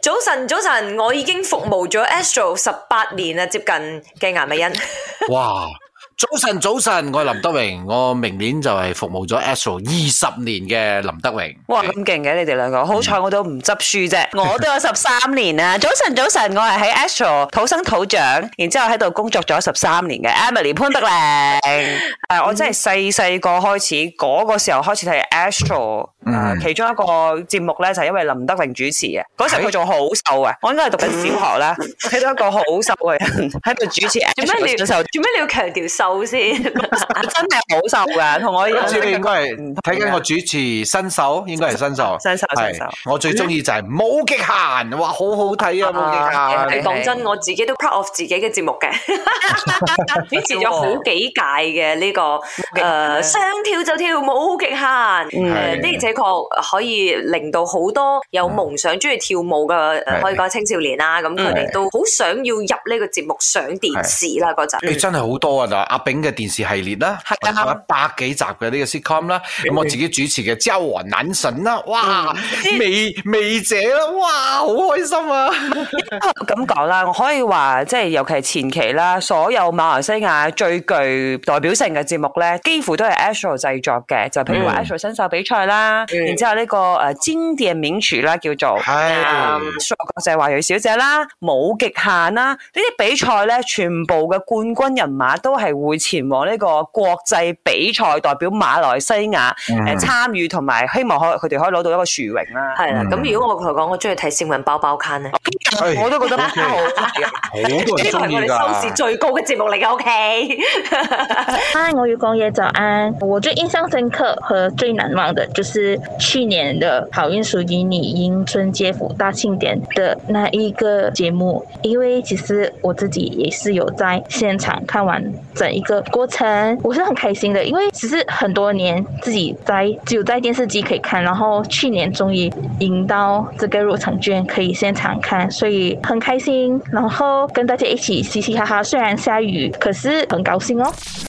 早晨，早晨，我已經服務咗 Astro 十八年啦，接近嘅顏美欣。 哇！早晨，早晨，我係林德榮， 我明年就係服務咗 Astro 二十年嘅林德榮。哇！咁勁嘅，你哋兩個，好彩我都唔執輸啫，我都有十三年啦。 早晨，早晨，我係喺 Astro 土生土長，然之後喺度工作咗十三年嘅 Emily 潘德玲。誒， 我真係細細個開始，嗰、那個時候開始睇 Astro。其中一個節目咧就係因為林德榮主持嘅，嗰時佢仲好瘦啊，我應該係讀緊小學咧，睇到一個好瘦嘅人喺度主持。做咩你要？做咩你要強調瘦先？真係好瘦嘅，同我一家。我知你應該係睇緊我主持新手，應該係新手。新手，新手。我最中意就係冇極限，哇，好好睇啊！冇極限，你講真，我自己都 proud of 自己嘅節目嘅，主持咗好幾屆嘅呢個，誒，想跳就跳，冇極限，誒，確可以令到好多有夢想、中意跳舞嘅，可以講青少年啦。咁佢哋都好想要入呢個節目上電視啦。嗰陣，誒真係好多啊！阿炳嘅電視系列啦，一百幾集嘅呢個 sitcom 啦。咁我自己主持嘅《焦王眼神》啦，哇！微微姐啦，哇！好開心啊！咁講啦，我可以話即係，尤其係前期啦，所有馬來西亞最具代表性嘅節目咧，幾乎都係 Astro 製作嘅。就譬如話 Astro 新秀比賽啦。嗯、然之後呢、這個誒、呃，經典名廚啦，叫做《數、哎嗯、國際華裔小姐》啦，《舞極限》啦，呢啲比賽咧，全部嘅冠軍人馬都係會前往呢個國際比賽，代表馬來西亞誒、嗯呃、參與，同埋希望可佢哋可以攞到一個殊榮啦。係啦，咁如果我同佢講，我中意睇《星運包包 can》咧、哎，我都覺得好， 好多人中意啊。呢個係我哋收視最高嘅節目嚟噶，OK Hi，我要講嘢就安。我最印象深刻和最難忘嘅，就是。去年的好運屬於你迎春接福大慶典的那一個節目，因為其實我自己也是有在現場看完整一個過程，我是很開心的，因為其實很多年自己在只有在電視機可以看，然後去年終於贏到這個入場券可以現場看，所以很開心，然後跟大家一起嘻嘻哈哈，雖然下雨，可是很高興哦。